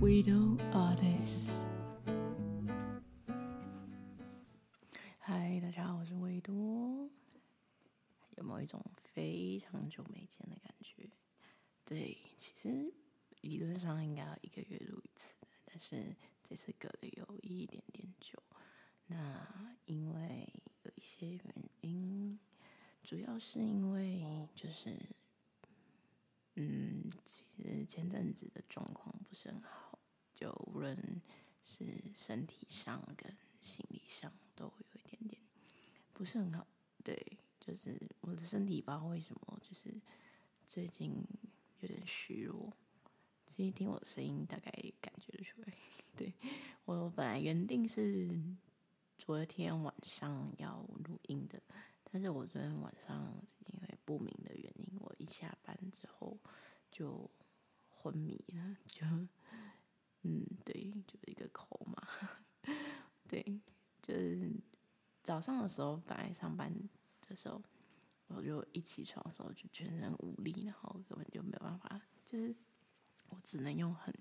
Widow Artist，嗨，Hi, 大家好，我是維多。有沒有一種非常久沒見的感覺？對，其實理論上應該要一個月錄一次，但是這次隔的有一點點久。那因為有一些原因，主要是因為就是，嗯，其實前陣子的狀況不是很好。無論是身體上跟心理上都有一點點不是很好，對，就是我的身體不知道為什麼，就是最近有點虛弱。其實聽我的聲音，大概感覺得出來。對，我本來原定是昨天晚上要錄音的，但是我昨天晚上。早上的時候，本來上班的時候，我就一起床的時候就全身無力，然後根本就沒有辦法，就是我只能用很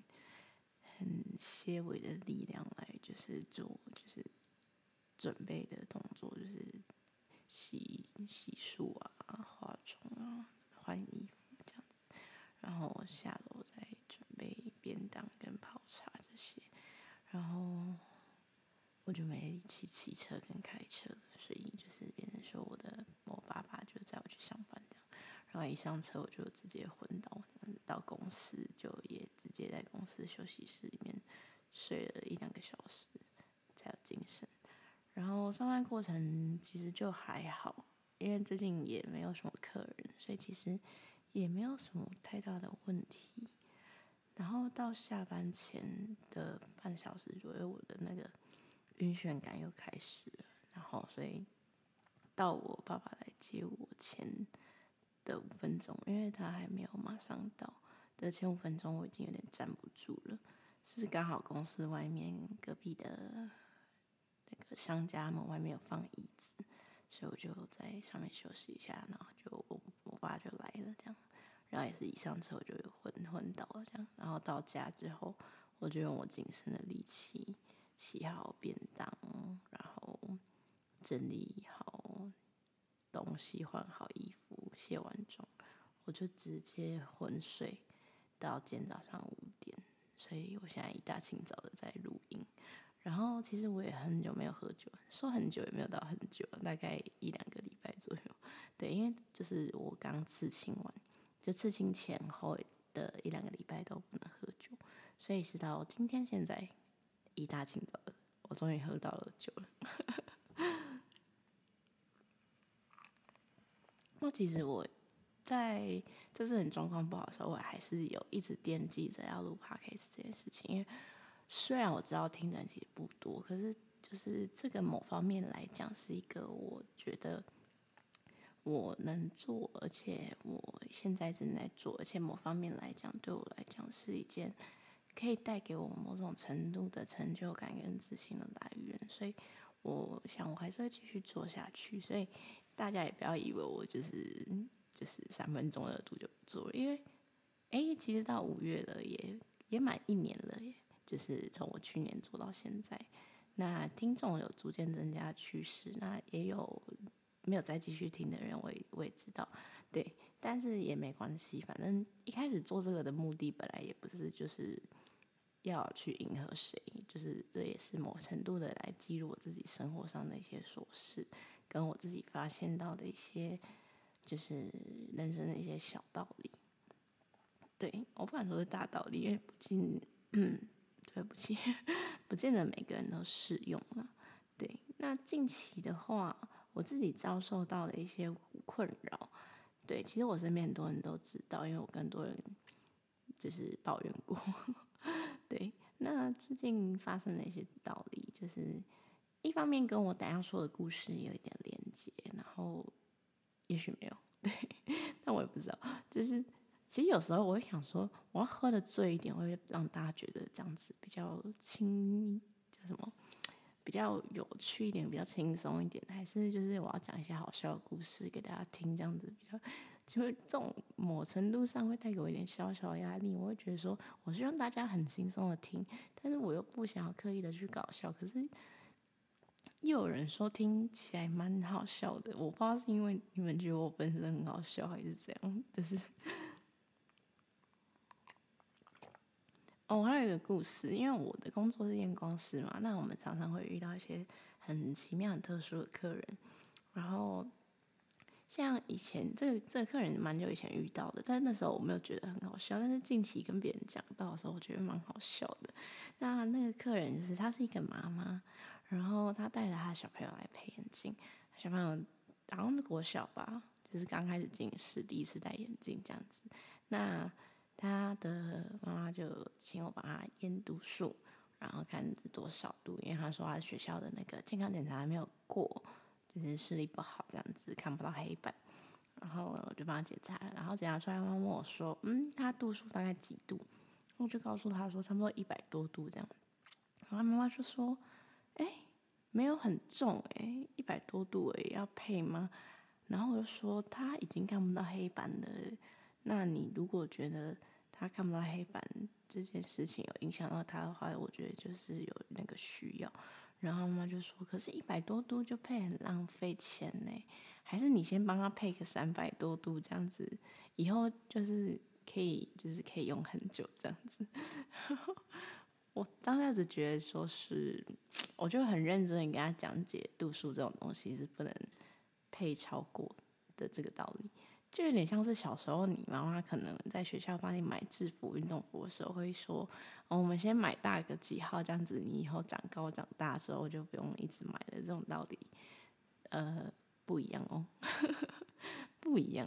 很些微的力量來，就是做就是準備的動作，就是洗洗漱啊、化妝啊、換衣服這樣子，然後我下樓。我就沒力氣騎車跟開車，所以就是變成說我的我爸爸就載我去上班這樣，然後一上車我就直接昏倒，到公司就也直接在公司休息室裡面睡了一兩個小時才有精神。然後上班過程其實就還好，因為最近也沒有什麼客人，所以其實也沒有什麼太大的問題。然後到下班前的半小時左右，我的那個。暈眩感又開始了，然後所以到我爸爸來接我前的五分鐘，因為他還沒有馬上到的前五分鐘，我已經有點站不住了。是剛好公司外面隔壁的那個商家門外面有放椅子，所以我就在上面休息一下，然後就我我爸就來了這樣。然後也是一上車我就昏昏倒了這樣。然後到家之後，我就用我僅剩的力氣洗好便，整理好東西，換好衣服，卸完妝，我就直接昏睡到今天早上五點。所以我現在一大清早的在錄音。然後其實我也很久沒有喝酒，說很久也沒有到很久，大概一兩個禮拜左右。對，因為就是我剛刺青完，就刺青前後的一兩個禮拜都不能喝酒，所以直到今天現在一大清早的，我終於喝到了酒了。其實我在這次你狀況不好的時候，我還是有一直惦記着要錄拍 o 這件事情。因為雖然我知道聽的人其實不多，可是就是這個某方面來講，是一個我覺得我能做，而且我現在正在做，而且某方面來講，對我來講是一件可以帶給我某種程度的成就感跟自信的來源。所以我想，我還是會繼續做下去。所以。大家也不要以為我就是就是三分鐘熱度就不做了，因為哎、欸，其實到五月了也，也也滿一年了耶，也就是從我去年做到現在，那聽眾有逐漸增加趨勢，那也有沒有再繼續聽的人我也，我我也知道，對，但是也沒關係，反正一開始做這個的目的本來也不是就是要去迎合誰，就是這也是某程度的來記錄我自己生活上的一些瑣事。跟我自己發現到的一些，就是人生的一些小道理。對，我不敢說是大道理，因為不見，嗯，對不起，不見得每個人都適用了。對，那近期的話，我自己遭受到的一些困擾，對，其實我身邊很多人都知道，因為我跟很多人就是抱怨過。對，那最近發生的一些道理，就是一方面跟我等下說的故事有一點。哦，也許沒有，對，但我也不知道。就是，其實有時候我會想說，我要喝的醉一點，我會讓大家覺得這樣子比較輕，叫什麼？比較有趣一點，比較輕鬆一點，還是就是我要講一些好笑的故事給大家聽，這樣子比較，就會這種某程度上會帶給我一點小小壓力。我會覺得說，我是希望大家很輕鬆的聽，但是我又不想要刻意的去搞笑，可是。又有人說聽起來蠻好笑的，我不知道是因為你們覺得我本身很好笑，還是怎樣。就是 哦，還有一個故事，因為我的工作是驗光師嘛，那我們常常會遇到一些很奇妙、很特殊的客人。然後像以前這個這個客人蠻久以前遇到的，但是那時候我沒有覺得很好笑，但是近期跟別人講到的時候，我覺得蠻好笑的。那那個客人就是她是一個媽媽。然後他帶着他的小朋友來配眼鏡，他小朋友，好像國小吧，就是剛開始近視，第一次戴眼鏡這樣子。那他的媽媽就請我幫他驗度數，然後看是多少度，因為他說他學校的那個健康檢查還沒有過，就是視力不好這樣子，看不到黑板。然後我就幫他檢查了，然後檢查出來，媽媽問我說：“嗯，他度數大概幾度？”我就告訴他說：“差不多一百多度這樣。”然後媽媽就說。哎、欸，沒有很重哎、欸，一百多度哎、欸，要配嗎？然後我就說他已經看不到黑板了。那你如果覺得他看不到黑板這件事情有影響到他的話，我覺得就是有那個需要。然後媽媽就說，可是一百多度就配很浪費錢呢、欸，還是你先幫他配個三百多度這樣子，以後就是可以就是可以用很久這樣子。 我當下只覺得說是，我就很認真地跟他講解度數這種東西是不能配超過的這個道理，就有點像是小時候你媽媽可能在學校幫你買制服、運動服的時候會說哦：“我們先買大個幾號，這樣子你以後長高長大的時候就不用一直買了。”這種道理，呃，不一樣哦， 不一樣。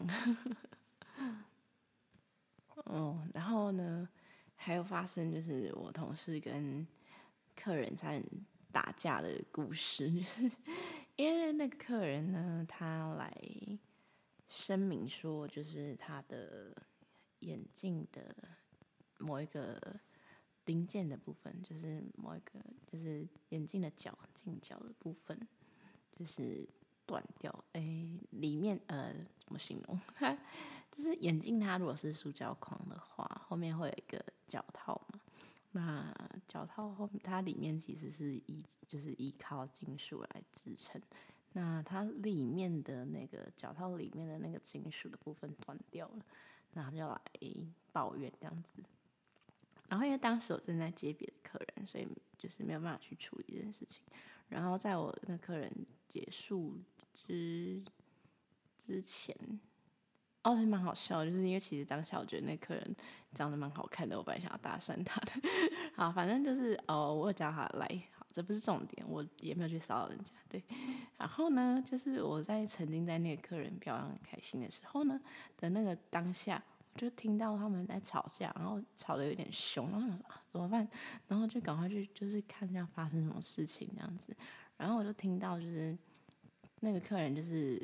嗯，然後呢？還有發生就是我同事跟客人在打架的故事，就是因為那個客人呢，他來聲明說，就是他的眼鏡的某一個零件的部分，就是某一個就是眼鏡的腳，鏡腳的部分，就是斷掉。誒、欸，裡面呃怎麼形容？他就是眼鏡，它如果是塑膠框的話，後面會有一個。腳套嘛，那腳套後它裡面其實是依就是依靠金屬來支撐，那它裡面的那個腳套裡面的那個金屬的部分斷掉了，然後就來抱怨這樣子。然後因為當時我正在接別的客人，所以就是沒有辦法去處理這件事情。然後在我那客人結束之之前。哦，是蠻好笑，就是因為其實當下我覺得那客人長得蠻好看的，我本來想要搭訕他的。 好，反正就是哦，我叫他來，這不是重點，我也沒有去騷擾人家。對，嗯、然後呢，就是我在曾經在那個客人表揚很開心的時候呢的那個當下，我就聽到他們在吵架，然後吵得有點凶，然後我想說、啊、怎麼辦，然後就趕快去就是看一下發生什麼事情這樣子，然後我就聽到就是那個客人就是。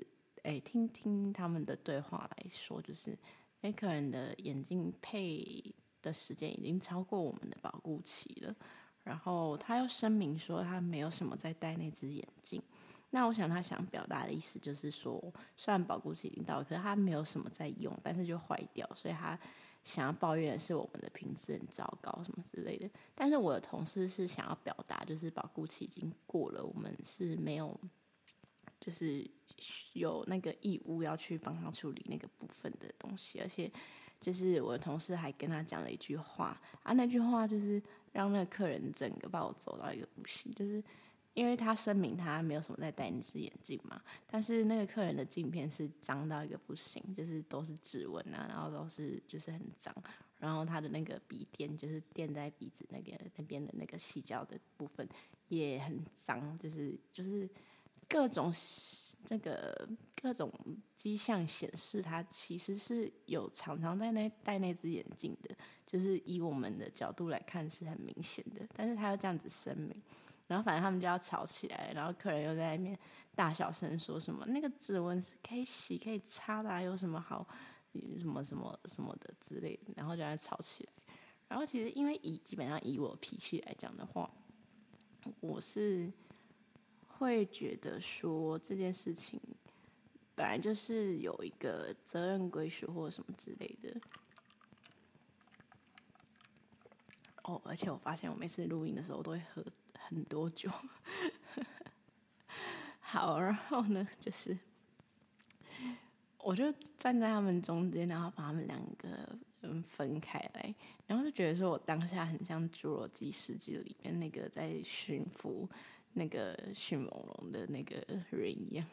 誒、欸，聽聽他們的對話來說，就是那客人的眼鏡配的時間已經超過我們的保固期了。然後他又聲明說，他沒有什麼在戴那只眼鏡。那我想他想表達的意思就是說，雖然保固期已經到了，可是他沒有什麼在用，但是就壞掉，所以他想要抱怨的是我們的品質很糟糕什麼之類的。但是我的同事是想要表達，就是保固期已經過了，我們是沒有。就是有那個義務要去幫他處理那個部分的東西，而且就是我的同事還跟他講了一句話啊，那句話就是讓那個客人整個把我走到一個不行，就是因為他聲明他沒有什麼在戴那支眼鏡嘛，但是那個客人的鏡片是髒到一個不行，就是都是指紋啊，然後都是就是很髒，然後他的那個鼻墊就是墊在鼻子那個那邊的那個矽膠的部分也很髒，就是就是。各種那個各種跡象顯示，他其實是有常常在那戴那只眼鏡的，就是以我們的角度來看是很明顯的。但是他要這樣子聲明，然後反正他們就要吵起來，然後客人又在那邊大小聲說什麼那個指紋是可以洗可以擦的，啊，有什麼好什麼什麼什麼的之類，然後就要吵起來。然後其實因為以基本上以我脾氣來講的話，我是。會覺得說這件事情本來就是有一個責任歸屬或者什麼之類的。哦，而且我發現我每次錄音的時候我都會喝很多酒。 好，然後呢，就是我就站在他們中間，然後把他們兩個分開來，然後就覺得說我當下很像侏羅紀世界裡面那個在馴服，那個迅猛龍的那個人一樣，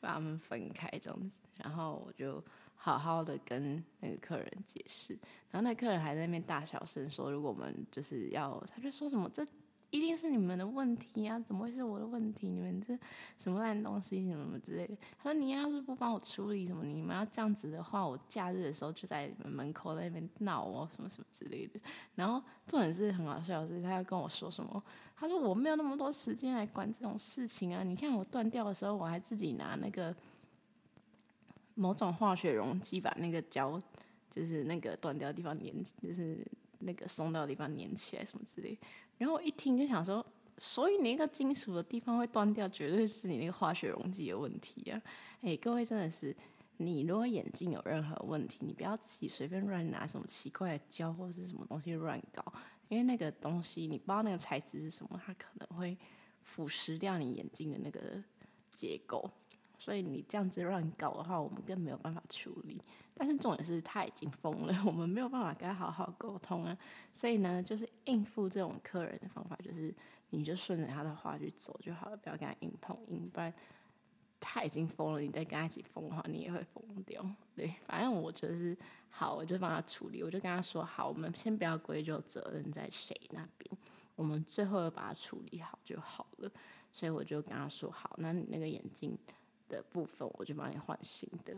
把他們分開這樣子，然後我就好好的跟那個客人解釋，然後那個客人還在那邊大小聲說：“如果我們就是要，他就說什麼這一定是你們的問題啊，怎麼會是我的問題？你們這什麼爛東西，什麼什麼之類的。”他說：“你要是不幫我處理什麼，你們要這樣子的話，我假日的時候就在你們門口在那邊鬧我什麼什麼之類的。”然後重點是很好笑，是他要跟我說什麼。他說：“我沒有那麼多時間來管這種事情啊！你看我斷掉的時候，我還自己拿那個某種化學溶劑把那個膠，就是那個斷掉的地方粘，就是那個鬆掉的地方粘起來什麼之類。然後我一聽就想說，所以你那個金屬的地方會斷掉，絕對是你那個化學溶劑有問題啊！哎、欸，各位真的是，你如果眼鏡有任何問題，你不要自己隨便亂拿什麼奇怪的膠或是什麼東西亂搞。”因為那個東西，你不知道那個材質是什麼，它可能會腐蝕掉你眼睛的那個結構，所以你這樣子亂搞的話，我們更沒有辦法處理。但是重點是他已經瘋了，我們沒有辦法跟他好好溝通啊。所以呢，就是應付這種客人的方法，就是你就順着他的話去走就好了，不要跟他硬碰硬，不然他已經瘋了，你再跟他一起瘋的話，你也會瘋掉。那我就是好，我就幫他處理，我就跟他說好，我們先不要歸咎責任在誰那邊，我們最後要把它處理好就好了。所以我就跟他說好，那你那個眼鏡的部分，我就幫你換新的，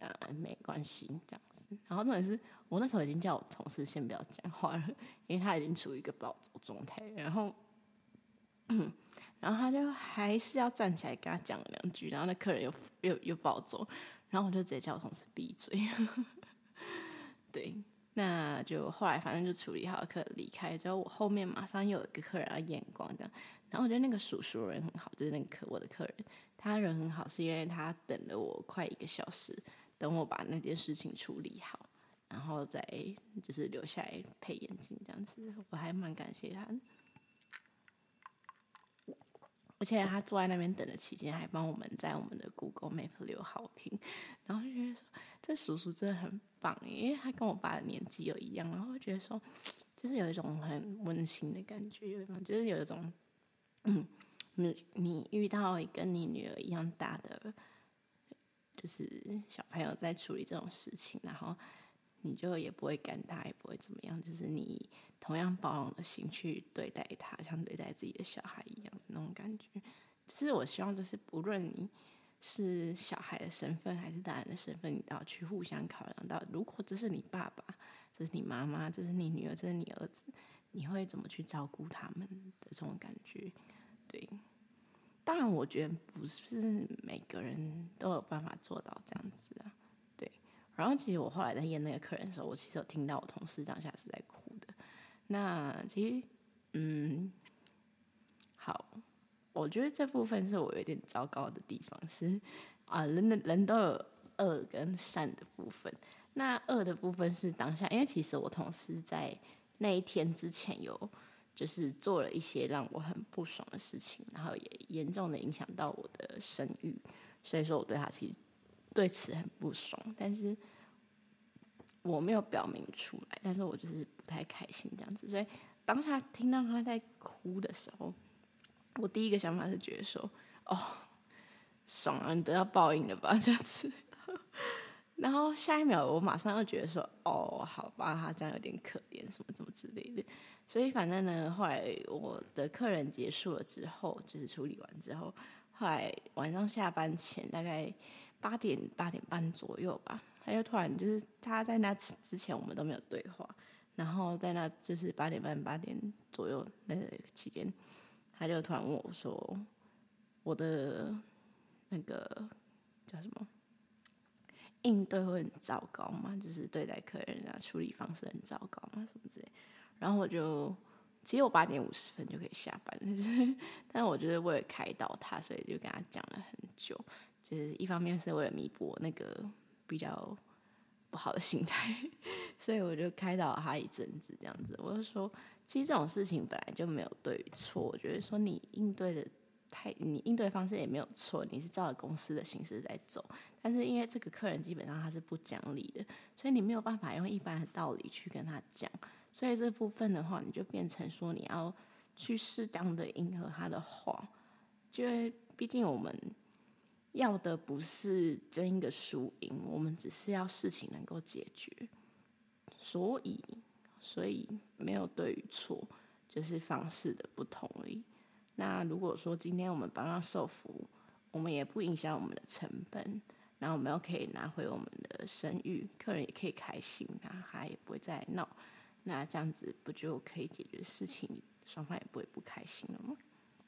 呃、嗯，沒關係，這樣子。然後重點是我那時候已經叫我同事先不要講話了，因為他已經處於一個暴走狀態。然後，然後他就還是要站起來跟他講兩句，然後那客人又又又，又暴走。然後我就直接叫我同事閉嘴。 對，那就後來反正就處理好了，客離開之後，我後面馬上又有一個客人要驗光這樣。然後我覺得那個叔叔人很好，就是那個客我的客人，他人很好，是因為他等了我快一個小時，等我把那件事情處理好，然後再就是留下來配眼鏡這樣子，我還蠻感謝他。而且他坐在那邊等的期間，還幫我們在我們的 Google Map 留好評，然後就覺得說，這叔叔真的很棒，因為他跟我爸的年紀有一樣，然後覺得說，就是有一種很溫馨的感覺，有一種就是有一種，嗯，你你遇到跟你女兒一樣大的，就是小朋友在處理這種事情，然後你就也不會趕他，也不會怎麼樣，就是你。同樣包容的心去對待他，像對待自己的小孩一樣的那種感覺。就是我希望就是，不論你是小孩的身份還是大人的身份，你都要去互相考量到，如果這是你爸爸，這是你媽媽，這是你女兒，這是你兒子，你會怎麼去照顧他們的這種感覺。對，當然我覺得不是每個人都有辦法做到這樣子啊。對，然後其實我後來在驗那個客人的時候，我其實有聽到我同事當下是在哭的。那其實，嗯，好，我覺得這部分是我有點糟糕的地方是，啊，人的人都有惡跟善的部分。那惡的部分是當下，因為其實我同事在那一天之前有，就是做了一些讓我很不爽的事情，然後也嚴重的影響到我的聲譽，所以說我對他其實對此很不爽，但是我沒有表明出來，但是我就是不太開心這樣子。所以當下聽到他在哭的時候，我第一個想法是覺得說：“哦，爽啊，你得到報應了吧？”這樣子。 然後下一秒，我馬上又覺得說：“哦，好吧，他這樣有點可憐，什麼什麼之類的。”所以反正呢，後來我的客人結束了之後，就是處理完之後，後來晚上下班前大概八點八點半左右吧。他就突然就是他在那之之前我們都沒有對話，然後在那就是八點半八點左右那個期間，他就突然問我說：“我的那個叫什麼應對會很糟糕嘛，就是對待客人啊，處理方式很糟糕嘛，什麼之類。”然後我就其實我八點五十分就可以下班了但、就是但我覺得為了開導他，所以就跟他講了很久，就是一方面是為了彌補那個。比較不好的心態，所以我就開導他一陣子，這樣子，我就說，其實這種事情本來就沒有對與錯，就是說你應對的太，你應對方式也沒有錯，你是照着公司的形式在走，但是因為這個客人基本上他是不講理的，所以你沒有辦法用一般的道理去跟他講，所以這部分的話，你就變成說你要去適當的迎合他的話，就是畢竟我們。要的不是爭一個輸贏，我們只是要事情能夠解決。所以，所以沒有對與錯，就是方式的不同而已。那如果說今天我們幫他受服，我們也不影響我們的成本，然後我們又可以拿回我們的聲譽，客人也可以開心啊，那他也不會再鬧。那這樣子不就可以解決事情，雙方也不會不開心了嗎？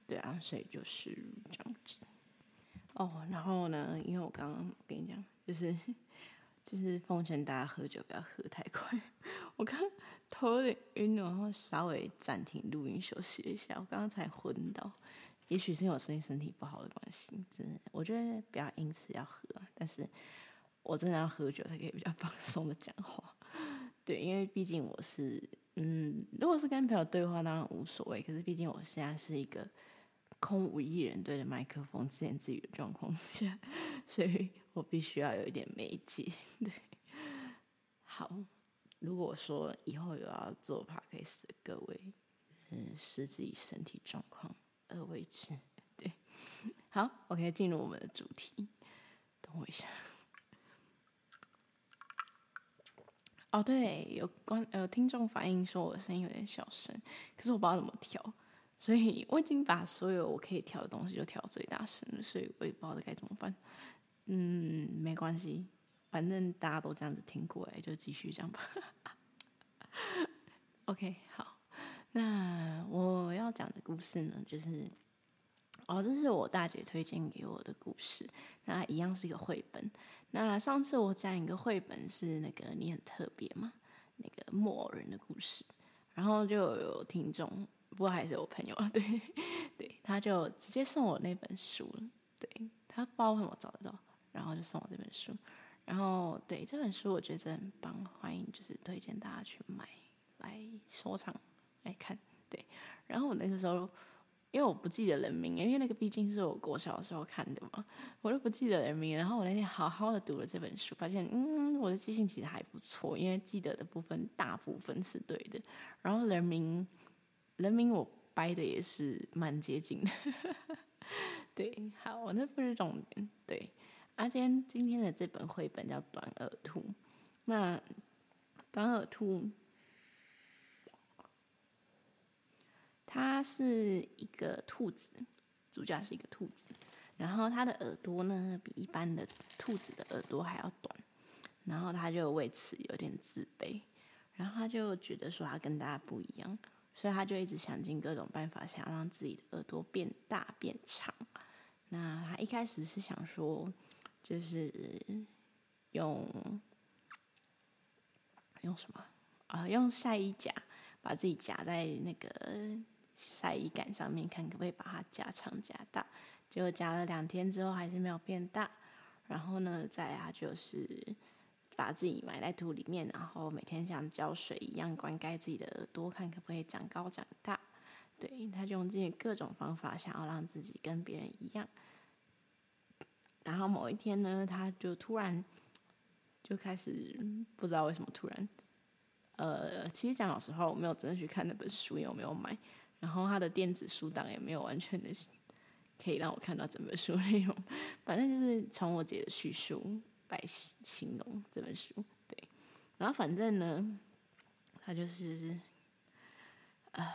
對啊，所以就是這樣子。哦，oh, 然後呢？因為我剛剛跟你講，就是就是奉勸大家喝酒不要喝太快。我剛頭有點暈，然後稍微暫停錄音休息一下。我剛剛才昏倒，也許是因為我最近身體不好的關係。真的，我覺得不要因此要喝，但是我真的要喝酒才可以比較放鬆的講話。對，因為畢竟我是嗯，如果是跟朋友對話，當然無所謂。可是畢竟我現在是一個。空無一人對着麥克風自言自語的狀況下，所以我必須要有一點慰藉。對，好，如果說以後有要做 podcast 的各位，嗯，視自己身體狀況而為之。對，好，OK，進入我們的主題。等我一下。 哦，對，有關呃，聽眾反映說我的聲音有點小聲，可是我不知道怎麼調。所以，我已經把所有我可以調的東西都調最大聲了，所以我也不知道該怎麼辦。嗯，沒關係，反正大家都這樣子聽過，哎，就繼續講吧。 OK，好，那我要講的故事呢，就是哦，這是我大姐推薦給我的故事，那一樣是一個繪本。那上次我講一個繪本是那個“你很特別”嘛，那個木偶人的故事，然後就有聽眾。不過還是我朋友，對對，他就直接送我那本書了。對，他包幫我找得到，然後就送我這本書。然後對，這本書，我覺得很棒，歡迎就是推薦大家去買、來收藏、來看。對，然後我那個時候因為我不記得人名，因為那個畢竟是我國小的時候看的嘛，我都不記得人名。然後我那天好好的讀了這本書，發現嗯，我的記性其實還不錯，因為記得的部分大部分是對的。然後人名。人名我掰的也是蠻接近的， 對，好，我那不是重點。對，阿、啊、堅今，今天的這本繪本叫《短耳兔》，那，那短耳兔，它是一個兔子，主角是一個兔子，然後它的耳朵呢比一般的兔子的耳朵還要短，然後他就為此有點自卑，然後他就覺得說他跟大家不一樣。所以他就一直想盡各種辦法，想讓自己的耳朵變大變長。那他一開始是想說，就是用用什麼啊？用曬衣夾，把自己夾在那個曬衣桿上面，看可不可以把它夾長夾大。結果夾了兩天之後，還是沒有變大。然後呢，再來就是。把自己埋在土裡面，然後每天像澆水一樣灌溉自己的耳朵，看可不可以長高長大。對，他就用這些各種方法想要讓自己跟別人一樣。然後某一天呢，他就突然就開始不知道為什麼突然……呃，其實講老實話，我沒有真的去看那本書，也沒有買。然後他的電子書檔也沒有完全的可以讓我看到整本書內容。反正就是從我姐的敘述。來形容這本書，對，然後反正呢，他就是，啊、呃、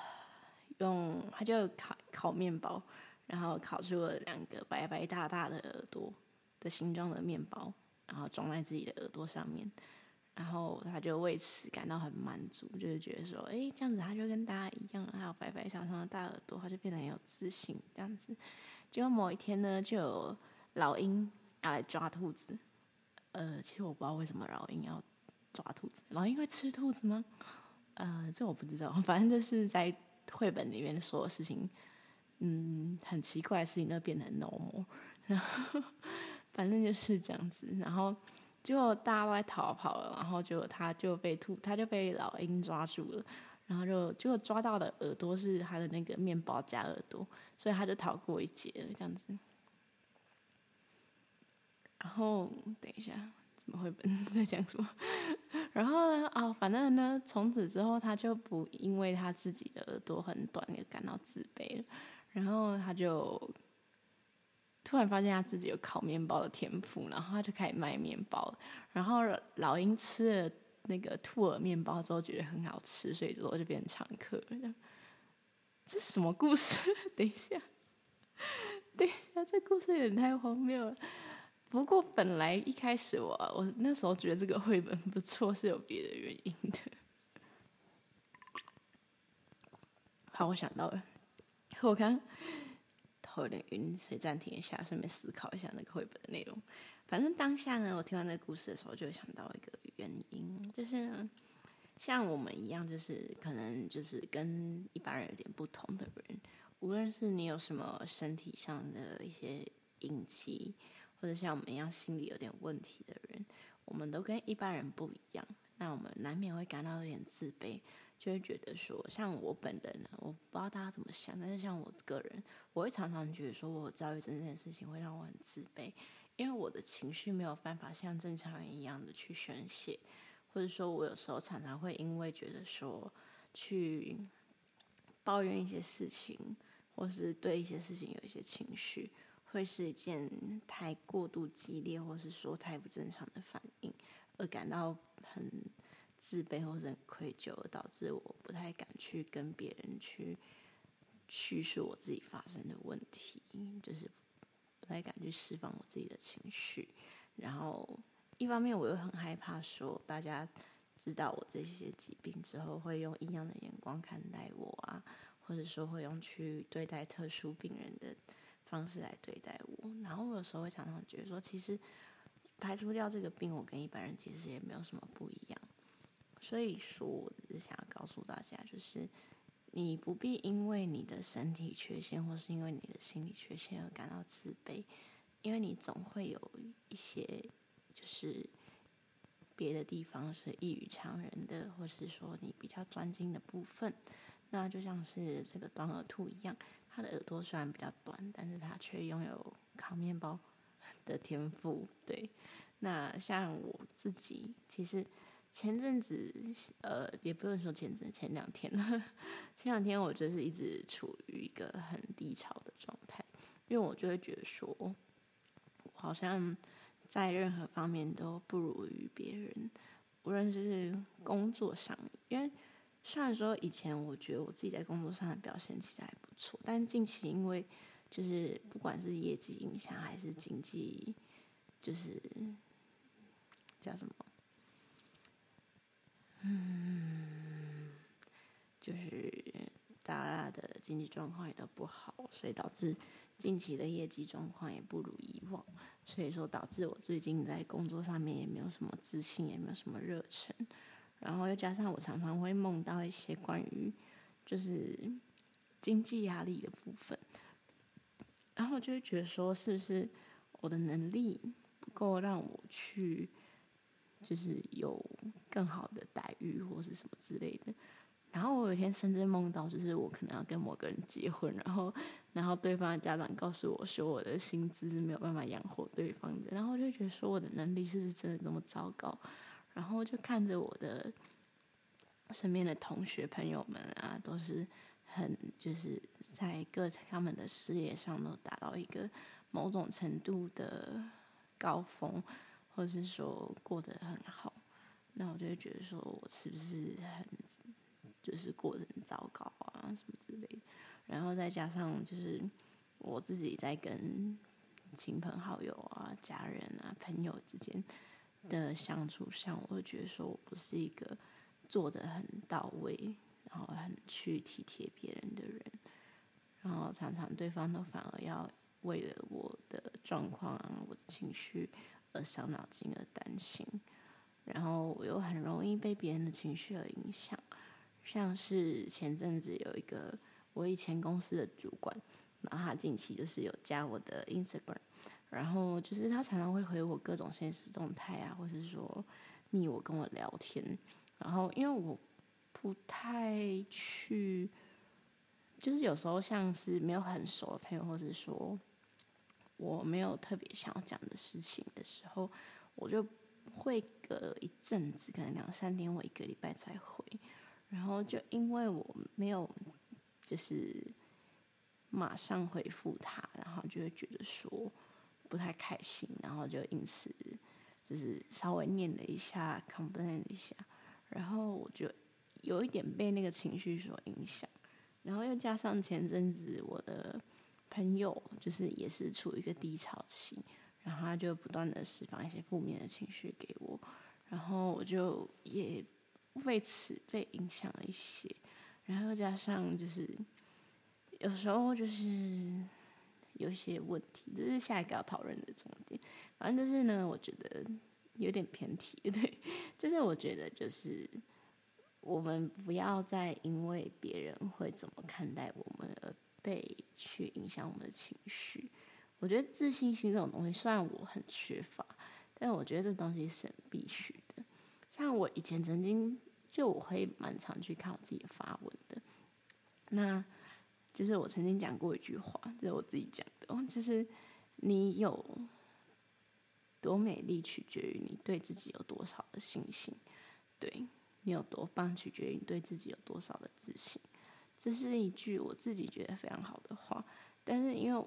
用他就烤烤麵包，然後烤出了兩個白白大大的耳朵的形狀的麵包，然後裝在自己的耳朵上面，然後他就為此感到很滿足，就是覺得說，哎，這樣子他就跟大家一樣，還有白白長長的大耳朵，他就變得很有自信，這樣子。結果某一天呢，就有老鷹要來抓兔子。呃，其實我不知道為什麼老鷹要抓兔子，老鷹會吃兔子嗎？呃，這我不知道，反正就是在繪本裡面說的事情，嗯，很奇怪的事情都變得 normal，然後反正就是這樣子，然後結果大家都在逃跑了，然後就他就被兔他就被老鷹抓住了，然後就結果抓到的耳朵是他的那個麵包夾耳朵，所以他就逃過一劫了，這樣子。然後等一下，怎麼會？在講什麼？然後呢？哦，反正呢，從此之後，他就不因為他自己的耳朵很短，也感到自卑了。然後他就突然發現他自己有烤麵包的天賦，然後他就開始賣麵包。然後老鷹吃了那個兔耳麵包之後，覺得很好吃，所以之後就變成常客了。這，這什麼故事？等一下，等一下，這故事有點太荒謬了。不過本來一開始我、啊、我那時候覺得這個繪本不錯，是有別的原因的。好，我想到了，我看頭有點暈，所以暫停一下，順便思考一下那個繪本的內容。反正當下呢，我聽完這個故事的時候，就會想到一個原因，就是像我們一樣，就是可能就是跟一般人有點不同的人，無論是你有什麼身體上的一些印記。或者像我們一樣心理有點問題的人，我們都跟一般人不一樣，那我們難免會感到有點自卑，就會覺得說，像我本人呢，我不知道大家怎麼想，但是像我個人，我會常常覺得說我遭遇真正的事情會讓我很自卑，因為我的情緒沒有辦法像正常人一樣的去宣洩，或者說，我有時候常常會因為覺得說，去抱怨一些事情，或是對一些事情有一些情緒。會是一件太過度激烈，或是說太不正常的反應，而感到很自卑或者很愧疚，而導致我不太敢去跟別人去敘述我自己發生的問題，就是不太敢去釋放我自己的情緒。然後一方面我又很害怕說大家知道我這些疾病之後，會用異樣的眼光看待我啊，或者說會用去對待特殊病人的。方式來對待我，然後我有時候會常常覺得說，其實排除掉這個病，我跟一般人其實也沒有什麼不一樣。所以說，我只是想要告訴大家，就是你不必因為你的身體缺陷，或是因為你的心理缺陷而感到自卑，因為你總會有一些就是別的地方是異於常人的，或是說你比較專精的部分。那就像是這個短耳兔一樣。他的耳朵雖然比較短，但是他卻擁有烤麵包的天賦。對，那像我自己，其實前陣子，呃，也不用說前陣，前兩天，呵呵，前兩天我就是一直處於一個很低潮的狀態，因為我就會覺得說，我好像在任何方面都不如於別人，無論是工作上，因為。雖然說以前我覺得我自己在工作上的表現其實還不錯，但近期因為就是不管是業績影響，還是經濟，就是叫什麼，嗯，就是大家的經濟狀況也都不好，所以導致近期的業績狀況也不如以往，所以說導致我最近在工作上面也沒有什麼自信，也沒有什麼熱忱。然後又加上我常常會夢到一些關於就是經濟壓力的部分，然後我就會覺得說，是不是我的能力不夠讓我去就是有更好的待遇或是什麼之類的。然後我有一天甚至夢到，就是我可能要跟某個人結婚，然後然後對方的家長告訴我說，我的薪資沒有辦法養活對方的，然後我就覺得說，我的能力是不是真的這麼糟糕？然後就看着我的身邊的同學朋友們啊，都是很就是在各他們的事業上都達到一個某種程度的高峰，或是說過得很好，那我就會覺得說我是不是很就是過得很糟糕啊什麼之類，然後再加上就是我自己在跟親朋好友啊、家人啊、朋友之間。的相處上，我會覺得說我不是一個做得很到位，然後很去體貼別人的人，然後常常對方都反而要為了我的狀況啊、我的情緒而傷腦筋、而擔心，然後我又很容易被別人的情緒而影響。像是前陣子有一個我以前公司的主管，然後他近期就是有加我的 Instagram。然後就是他常常會回我各種限時動態啊，或是說密我跟我聊天。然後因為我不太去，就是有時候像是沒有很熟的朋友，或是說我沒有特別想要講的事情的時候，我就會隔一陣子，可能兩三天或一個禮拜才回。然後就因為我沒有就是馬上回覆他，然後就會覺得說。不太開心，然後就因此就是稍微念了一下，complain 了一下，然後我就有一點被那個情緒所影響，然後又加上前陣子我的朋友就是也是處於一個低潮期，然後他就不斷的釋放一些負面的情緒給我，然後我就也為此被影響了一些，然後又加上就是有時候就是。有些問題，這，就是下一個要討論的重點。反正就是呢，我覺得有點偏題。對，就是我覺得就是，我們不要再因為別人會怎麼看待我們而被去影響我們的情緒。我覺得自信心這種東西，雖然我很缺乏，但我覺得這東西是必須的。像我以前曾經，就我會蠻常去看我自己發文的。那。就是我曾經講過一句話，就是我自己講的。其實，你有多美麗取決於你對自己有多少的信心，對你有多棒取決於你對自己有多少的自信。這是一句我自己覺得非常好的話。但是，因為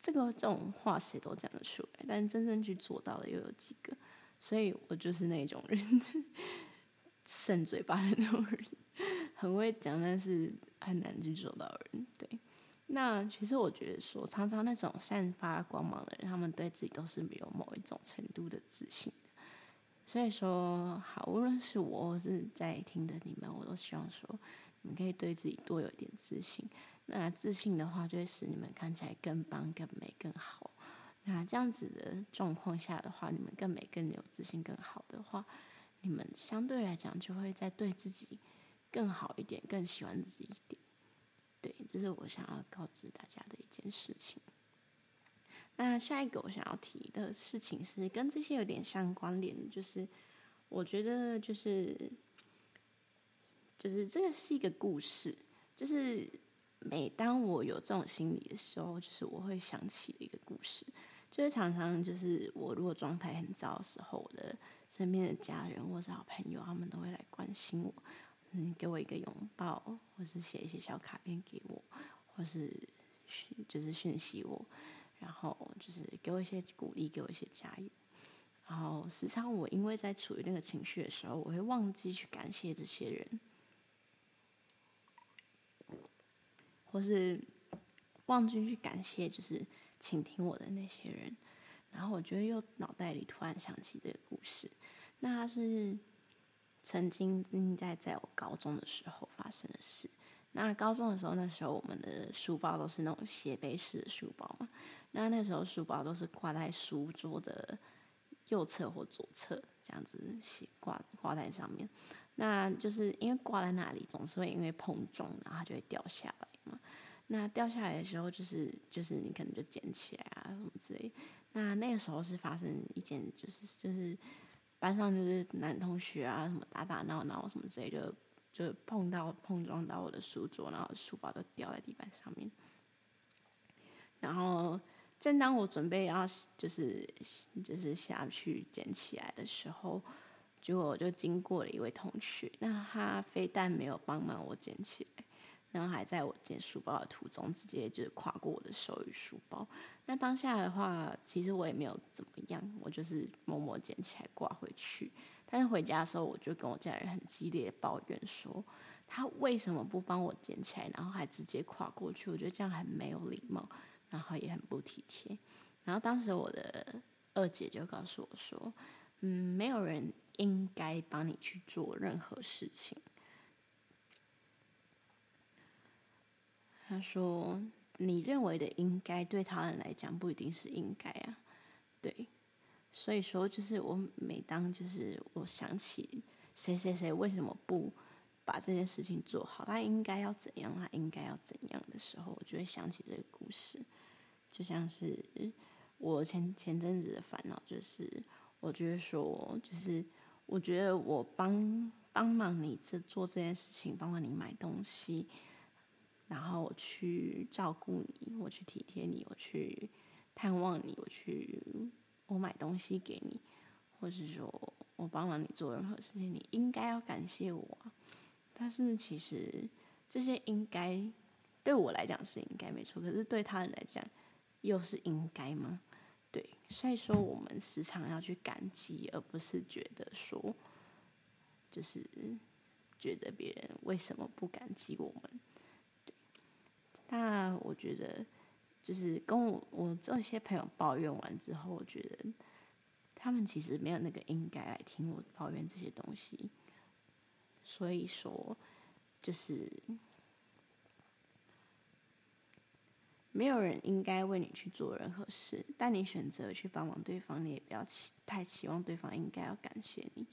這個這種話誰都講得出來，但真正去做到的又有幾個？所以我就是那種人，剩嘴巴的那種人。很會講，但是很難去做到人。人對，那其實我覺得說，常常那種散發光芒的人，他們對自己都是沒有某一種程度的自信。所以說，好，無論是我是在聽的你們，我都希望說，你們可以對自己多有一點自信。那自信的話，就會使你們看起來更棒、更美、更好。那這樣子的狀況下的話，你們更美、更有自信、更好的話，你們相對來講就會在對自己。更好一點，更喜歡自己一點。對，這是我想要告知大家的一件事情。那下一個我想要提的事情是跟這些有點相關聯的，就是我覺得就是就是這個是一個故事，就是每當我有這種心理的時候，就是我會想起的一個故事，就是常常就是我如果狀態很糟的時候，我的身邊的家人或者是好朋友，他們都會來關心我。給我一個擁抱，或是寫一些小卡片給我，或是就是訊息我，然後就是給我一些鼓勵，給我一些加油。然後時常我因為在處於那個情緒的時候，我會忘記去感謝這些人，或是忘記去感謝就是傾聽我的那些人。然後我覺得又腦袋裡突然想起這個故事，那他是。曾經在在我高中的時候發生的事。那高中的時候，那時候我們的書包都是那種斜背式的書包嘛。那那時候書包都是掛在書桌的右側或左側，這樣子斜掛掛在上面。那就是因為掛在那裡，總是會因為碰撞，然後它就會掉下來嘛。那掉下來的時候，就是就是你可能就撿起來啊什麼之類的。那那個時候是發生一件，就是，就是就是。班上就是男同學啊，什麼打打鬧鬧什麼之類的，就就碰到碰撞到我的書桌，然後書包都掉在地板上面。然後正當我準備要就是就是下去撿起來的時候，結果我就經過了一位同學，那他非但沒有幫忙我撿起來。然後還在我撿書包的途中，直接就是跨過我的手與書包。那當下的話，其實我也沒有怎麼樣，我就是默默撿起來掛回去。但是回家的時候，我就跟我家人很激烈的抱怨說，他為什麼不幫我撿起來，然後還直接跨過去？我覺得這樣很沒有禮貌，然後也很不體貼。然後當時我的二姐就告訴我說，嗯，沒有人應該幫你去做任何事情。他說：“你認為的應該，對他人來講不一定是應該啊。對，所以說，就是我每當就是我想起誰誰誰為什麼不把這件事情做好，他應該要怎樣，他應該要怎樣的時候，我就會想起這個故事。就像是我前前陣子的煩惱，就是我覺得說，就是我覺得我幫幫忙你這做這件事情，幫忙你買東西。”然後我去照顧你，我去體貼你，我去探望你，我去我買東西給你，或是說我幫忙你做任何事情，你應該要感謝我啊。但是其實這些應該對我來講是應該沒錯，可是對他人來講又是應該嗎？對，所以說我們時常要去感激，而不是覺得說就是覺得別人為什麼不感激我們。那我覺得，就是跟我我這些朋友抱怨完之後，我覺得他們其實沒有那個應該來聽我抱怨這些東西。所以說，就是沒有人應該為你去做任何事，但你選擇去幫忙對方，你也不要期，太期望對方應該要感謝你。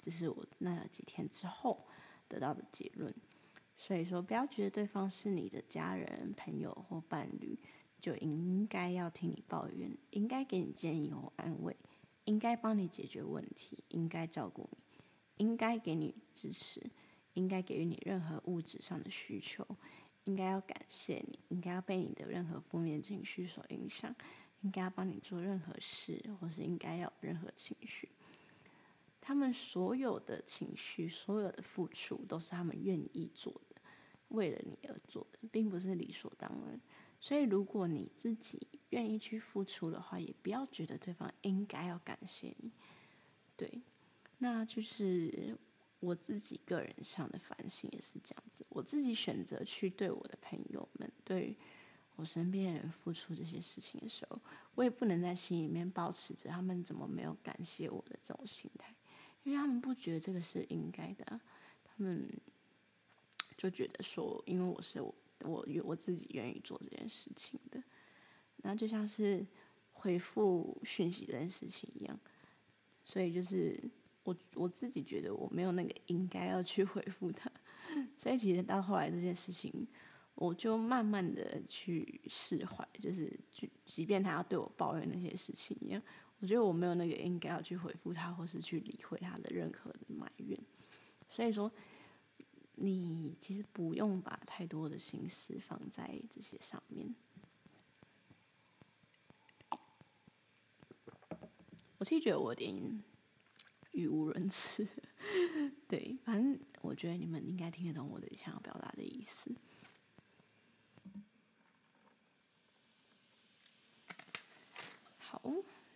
這是我那幾天之後得到的結論。所以說，不要覺得對方是你的家人、朋友或伴侶，就應該要聽你抱怨，應該給你建議或安慰，應該幫你解決問題，應該照顧你，應該給你支持，應該給予你任何物質上的需求，應該要感謝你，應該要被你的任何負面情緒所影響，應該要幫你做任何事，或是應該要任何情緒。他們所有的情緒、所有的付出，都是他們願意做的，為了你而做的，並不是理所當然。所以，如果你自己願意去付出的話，也不要覺得對方應該要感謝你。對，那就是我自己個人上的反省也是這樣子。我自己選擇去對我的朋友們、對我身邊的人付出這些事情的時候，我也不能在心裡面抱持著他們怎麼沒有感謝我的這種心態。因為他們不覺得這個是應該的啊，他們就覺得說，因為我是我我我自己願意做這件事情的，然後就像是回復訊息這件事情一樣，所以就是我我自己覺得我沒有那個應該要去回復他，所以其實到後來這件事情，我就慢慢的去釋懷，就是就即便他要對我抱怨那些事情一樣。我覺得我沒有那個應該要去回復他，或是去理會他的任何的埋怨，所以說你其實不用把太多的心思放在這些上面。我其實覺得我有點語無倫次， 對，反正我覺得你們應該聽得懂我的想要表達的意思。好。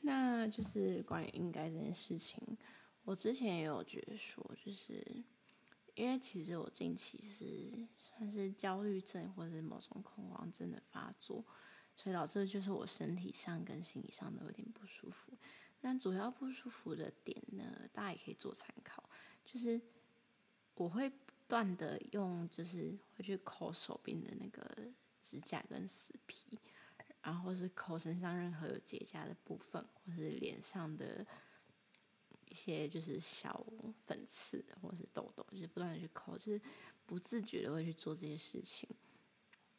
那就是關於應該這件事情，我之前也有覺得說，就是因為其實我近期是算是焦慮症或是某種恐慌症的發作，所以導致就是我身體上跟心理上都有點不舒服。那主要不舒服的點呢，大家也可以做參考，就是我會不斷的用，就是會去摳手邊的那個指甲跟死皮。然後是摳身上任何有結痂的部分，或是臉上的一些就是小粉刺，或是痘痘，就是不斷的去摳，就是不自覺的會去做這些事情。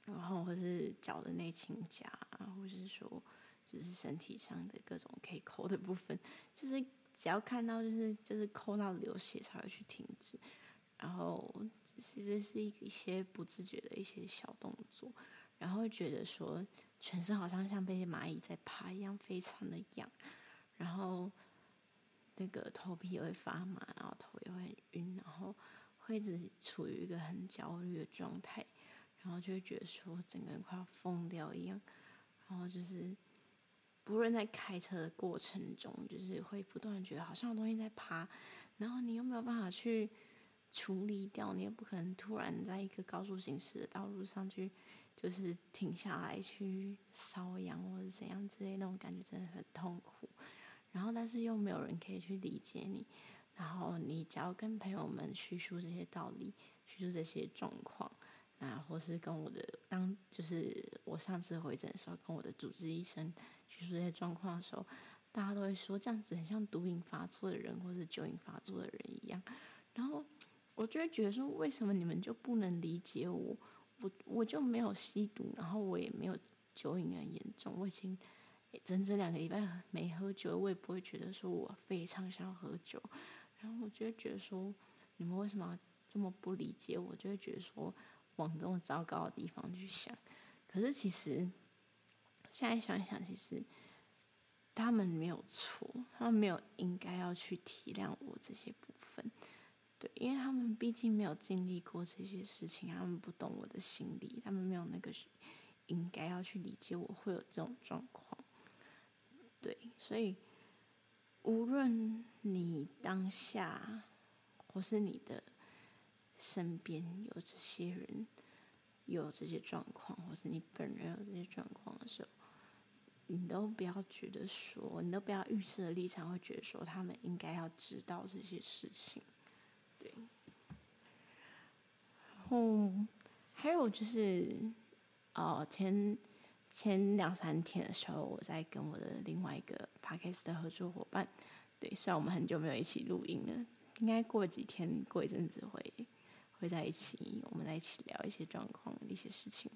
然後或是腳的內勤甲，或者是說就是身體上的各種可以摳的部分，就是只要看到就是就是摳到流血才會去停止。然後其實是一一些不自覺的一些小動作。然後會覺得說，全身好像像被螞蟻在爬一樣，非常的癢，然後那個頭皮也會發麻，然後頭也會暈，然後會一直處於一個很焦慮的狀態，然後就會覺得說，整個人快要瘋掉一樣，然後就是，不論在開車的過程中，就是會不斷覺得好像有東西在爬，然後你又沒有辦法去處理掉，你也不可能突然在一個高速行駛的道路上去。就是停下來去瘙癢，或者怎樣之類的，那種感覺真的很痛苦。然後，但是又沒有人可以去理解你。然後，你只要跟朋友們敘述這些道理，敘述這些狀況，啊，或是跟我的當，就是我上次回診的時候，跟我的主治醫生敘述這些狀況的時候，大家都會說這樣子很像毒癮發作的人，或是酒癮發作的人一樣。然後，我就會覺得說，為什麼你們就不能理解我？我我就沒有吸毒，然後我也沒有酒癮很嚴重。我已經整整兩個禮拜沒喝酒，我也不會覺得說我非常想要喝酒。然後我就會覺得說，你們為什麼要這麼不理解我？我就會覺得說，往這麼糟糕的地方去想。可是其實現在想一想，其實他們沒有錯，他們沒有應該要去體諒我這些部分。對，因為他們畢竟沒有經歷過這些事情，他們不懂我的心理，他們沒有那個應該要去理解我會有這種狀況。對，所以無論你當下或是你的身邊有這些人，有這些狀況，或是你本人有這些狀況的時候，你都不要覺得說，你都不要預設立場，會覺得說他們應該要知道這些事情。對，然後還有就是，哦，前前兩三天的時候，我在跟我的另外一個 podcast 的合作夥伴，對，雖然我們很久沒有一起錄音了，應該過幾天、過一陣子會會在一起，我們在一起聊一些狀況、一些事情，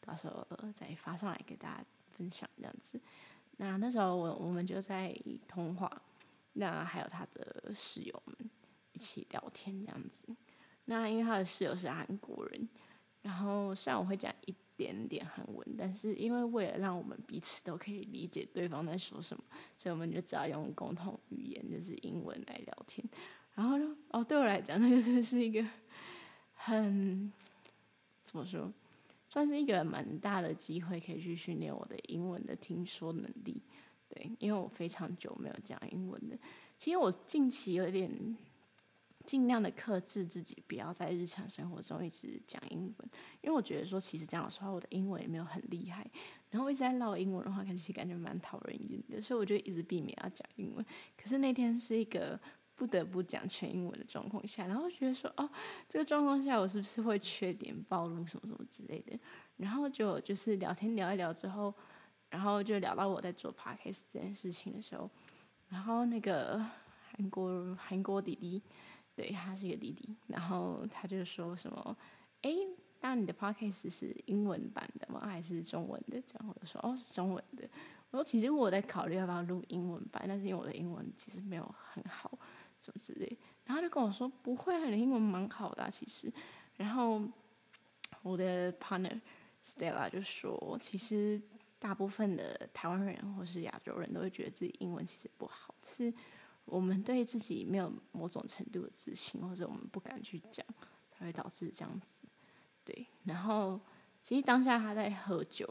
到時候再發上來給大家分享這樣子。那那時候我我們就在通話，那還有他的室友們。一起聊天這樣子，那因為他的室友是韓國人，然後雖然我會講一點點韓文，但是因為為了讓我們彼此都可以理解對方在說什麼，所以我們就只好用共同語言，就是英文來聊天。然後就哦，對我來講，那就是一個很怎麼說，算是一個蠻大的機會，可以去訓練我的英文的聽說能力。對，因為我非常久沒有講英文的，其實我近期有點。盡量的克制自己，不要在日常生活中一直講英文，因為我覺得說其實講老實話，我的英文也沒有很厲害。然後我一直在嘮英文的話，看起來感覺蠻討人厭的，所以我就一直避免要講英文。可是那天是一個不得不講全英文的狀況下，然後覺得說哦，這個狀況下我是不是會缺點暴露什麼什麼之類的？然後就就是聊天聊一聊之後，然後就聊到我在做 Podcast 這件事情的時候，然後那個韓國韓國弟弟。對，他是一個弟弟，然後他就說什麼：“哎，那你的 podcast 是英文版的嗎？還是中文的？”這樣我就說：“哦，是中文的。”我說：“其實我在考慮要不要錄英文版，但是因為我的英文其實沒有很好，什麼之類。”然後他就跟我說：“不會啊，你的英文蠻好的啊，其實。”然後我的 partner Stella 就說：“其實大部分的台灣人或是亞洲人都會覺得自己英文其實不好，其實。”我們對自己沒有某種程度的自信，或者我們不敢去講，才會導致這樣子。對，然後其實當下他在喝酒，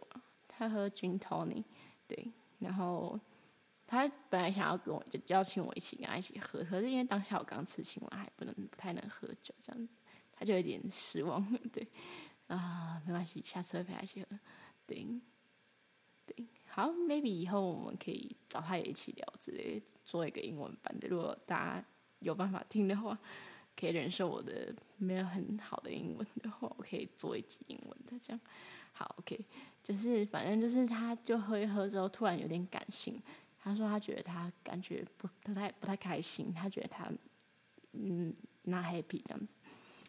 他喝 Gin Tony，對，然後他本來想要跟我就邀請我一起跟他一起喝，可是因為當下我剛吃青完，還不能不太能喝酒這樣子，他就有點失望。對，啊，沒關係，下次會陪他一起喝。對，對。好，maybe 以後我們可以找他也一起聊之類的，做一個英文版的。如果大家有辦法聽的話，可以忍受我的沒有很好的英文的話，我可以做一集英文的。這樣，好，OK，就是反正就是他，就喝一喝之後，突然有點感性。他說他覺得他感覺不太不太開心，他覺得他嗯 not happy 這樣子。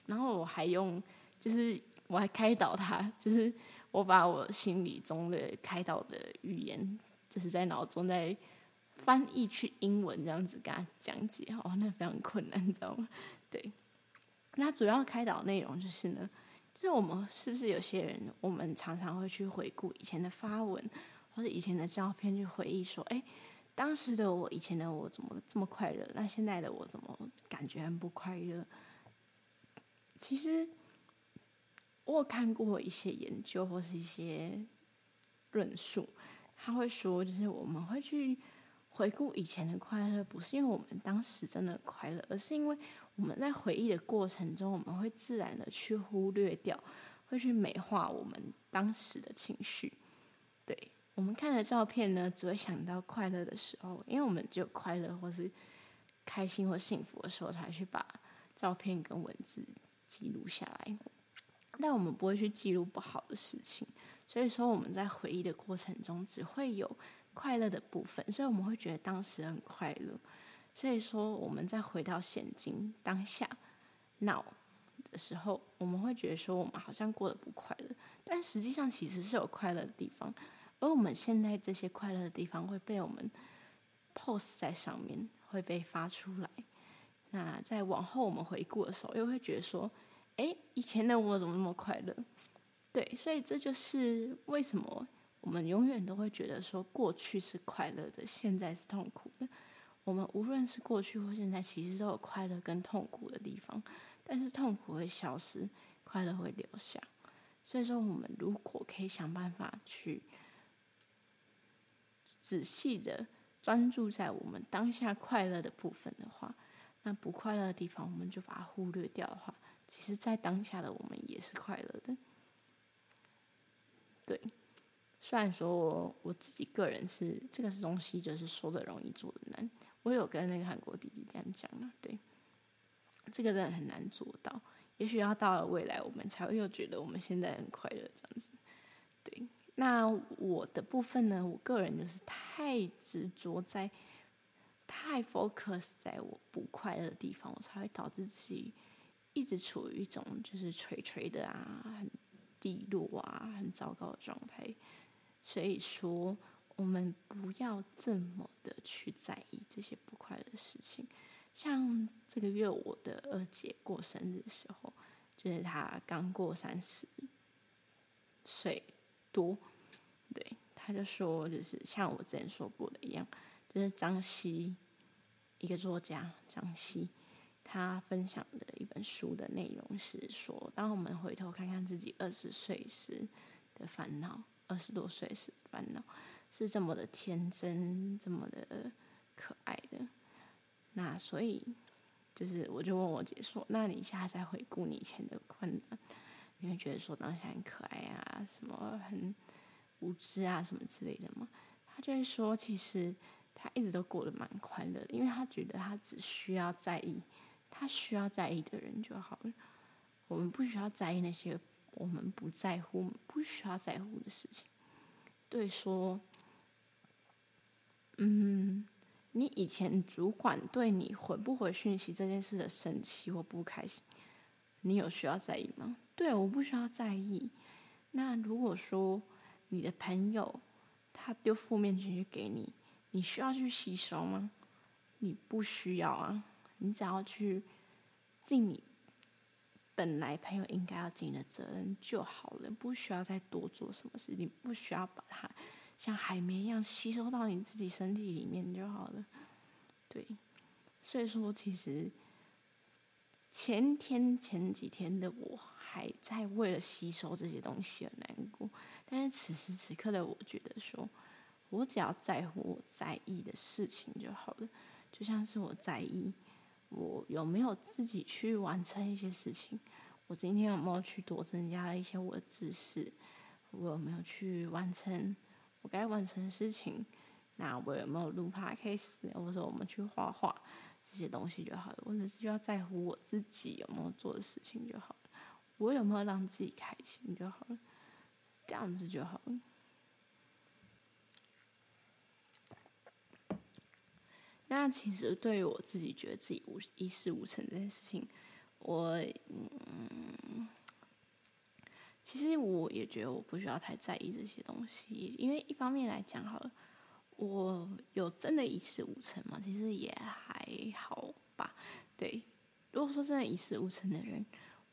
然後我還用，就是我還開導他，就是。我把我心裡中的開導的語言，就是在腦中在翻譯去英文這樣子給他講解，哦，那非常困難，你知道嗎？對。那主要開導內容就是呢，就是我們是不是有些人，我們常常會去回顧以前的發文或者以前的照片，去回憶說，哎、欸，當時的我，以前的我怎麼這麼快樂？那現在的我怎麼感覺很不快樂？其實。我有看過一些研究或是一些論述，他會說，就是我們會去回顧以前的快樂，不是因為我們當時真的快樂，而是因為我們在回憶的過程中，我們會自然的去忽略掉，會去美化我們當時的情緒。對，我們看的照片呢，只會想到快樂的時候，因為我們只有快樂或是開心或幸福的時候，才去把照片跟文字記錄下來。但我們不會去記錄不好的事情，所以說我們在回憶的過程中，只會有快樂的部分，所以我們會覺得當時很快樂。所以說我們再回到現今當下 now 的時候，我們會覺得說我們好像過得不快樂，但實際上其實是有快樂的地方，而我們現在這些快樂的地方會被我們 post 在上面，會被發出來。那在往後我們回顧的時候，又會覺得說。哎，以前的我怎麼那麼快樂？對，所以這就是為什麼我們永遠都會覺得說，過去是快樂的，現在是痛苦的。我們無論是過去或現在，其實都有快樂跟痛苦的地方。但是痛苦會消失，快樂會留下。所以說，我們如果可以想辦法去仔細的專注在我們當下快樂的部分的話，那不快樂的地方我們就把它忽略掉的話。其實，在當下的我們也是快樂的，對。雖然說我，我自己個人是這個東西，就是說的容易，做的難。我有跟那個韓國弟弟這樣講了，對，這個真的很難做到。也許要到了未來，我們才會又覺得我們現在很快樂這樣子。對，那我的部分呢？我個人就是太執着在，太 focus 在我不快樂的地方，我才會導致自己。一直處於一種就是垂垂的啊，很低落啊，很糟糕的狀態。所以說，我們不要這麼的去在意這些不快樂的事情。像這個月我的二姐過生日的時候，就是她剛過三十歲多，對，她就說，就是像我之前說過的一樣，就是張希，一個作家，張希。他分享的一本書的內容是說，當我們回頭看看自己二十歲時的煩惱，二十多歲時的煩惱，是這麼的天真，這麼的可愛的。那所以，就是我就問我姐說：“那你現在在回顧你以前的困難，你會覺得說當下很可愛啊，什麼很無知啊，什麼之類的嗎？”他就會說：“其實他一直都過得蠻快樂的，因為他覺得他只需要在意。”他需要在意的人就好了，我們不需要在意那些我們不在乎、不需要在乎的事情。對，說，嗯，你以前主管對你回不回訊息這件事的生氣或不開心，你有需要在意嗎？對，我不需要在意。那如果說你的朋友他丟負面情緒給你，你需要去吸收嗎？你不需要啊。你只要去盡你本來朋友應該要盡的責任就好了，不需要再多做什麼事情，不需要把它像海綿一樣吸收到你自己身體裡面就好了。對，所以說，其實前天前幾天的我還在為了吸收這些東西而難過，但是此時此刻的我覺得，說我只要在乎我在意的事情就好了，就像是我在意。我有沒有自己去完成一些事情？我今天有沒有去多增加了一些我的知識？我有沒有去完成我該完成的事情？那我有沒有錄 podcast 或者說我們去畫畫這些東西就好了。我只需要在乎我自己有沒有做的事情就好了，我有沒有讓自己開心就好了，這樣子就好了。那其實對於我自己覺得自己一事無成這件事情，我嗯，其實我也覺得我不需要太在意這些東西。因為一方面來講，好了，我有真的一事無成嘛？其實也還好吧。對，如果說真的一事無成的人，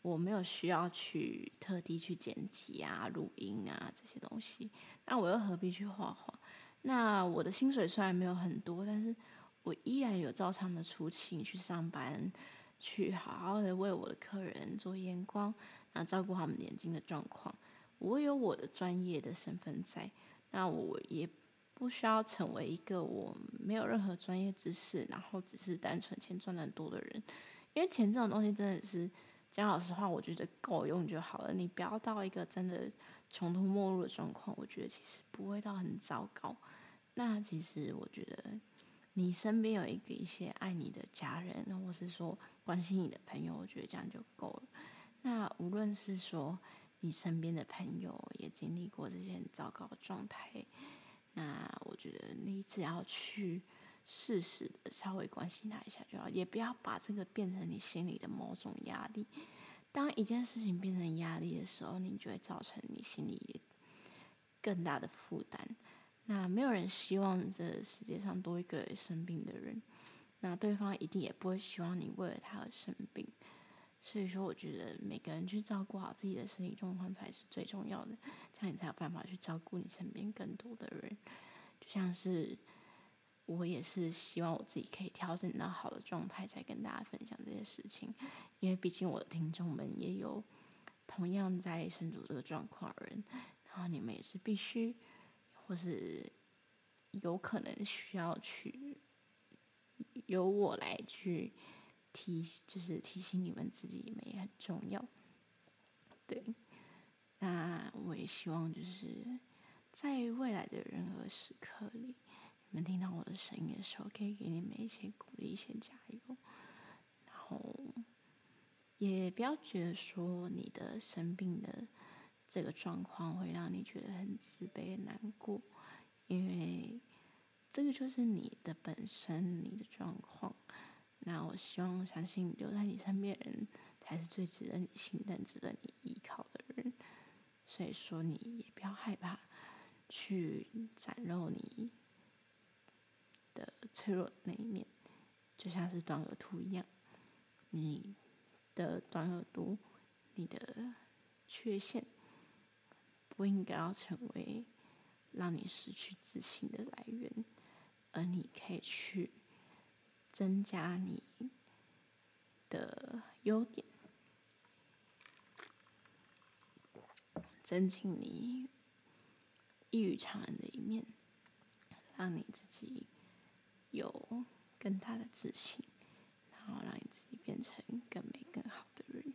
我沒有需要去特地去剪輯啊、錄音啊這些東西，那我又何必去畫畫？那我的薪水雖然沒有很多，但是。我依然有照常的出勤去上班，去好好的為我的客人做驗光，然後照顧他們眼睛的狀況。我有我的專業的身份在，那我也不需要成為一個我沒有任何專業知識，然後只是單純錢賺得多的人。因為錢這種東西，真的是講老實話，我覺得夠用就好了。你不要到一個真的窮途末路的狀況，我覺得其實不會到很糟糕。那其實我覺得。你身邊有一個一些愛你的家人，或是說關心你的朋友，我覺得這樣就夠了。那無論是說你身邊的朋友也經歷過這些糟糕的狀態，那我覺得你只要去適時的稍微關心他一下就好，也不要把這個變成你心裡的某種壓力。當一件事情變成壓力的時候，你就會造成你心裡更大的負擔。那沒有人希望這世界上多一個生病的人，那對方一定也不會希望你為了他而生病。所以說，我覺得每個人去照顧好自己的身體狀況才是最重要的，這樣你才有辦法去照顧你身邊更多的人。就像是我也是希望我自己可以調整到好的狀態，再跟大家分享這些事情，因為畢竟我的聽眾們也有同樣在身處這個狀況的人，然後你們也是必須。或是有可能需要去由我來去提，就是提醒你們自己，你們也很重要。對，那我也希望就是在未來的任何時刻裡，你們聽到我的聲音的時候，可以給你們一些鼓勵，一些加油，然後也不要覺得說你的生病的。這個狀況會讓你覺得很自卑、難過，因為這個就是你的本身、你的狀況。那我希望相信留在你身邊的人，才是最值得你信任、值得你依靠的人。所以說，你也不要害怕去展露你的脆弱的那一面，就像是短耳兔一樣，你的短耳朵，你的缺陷。不應該要成為讓你失去自信的來源，而你可以去增加你的優點，增進你異於常人的一面，讓你自己有更大的自信，然後讓你自己變成更美更好的人。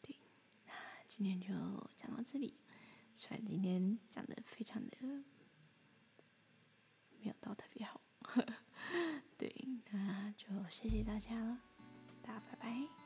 對，那今天就講到這裡。所以今天講的非常的沒有到特別好，呵呵，對，那就謝謝大家了，大家拜拜。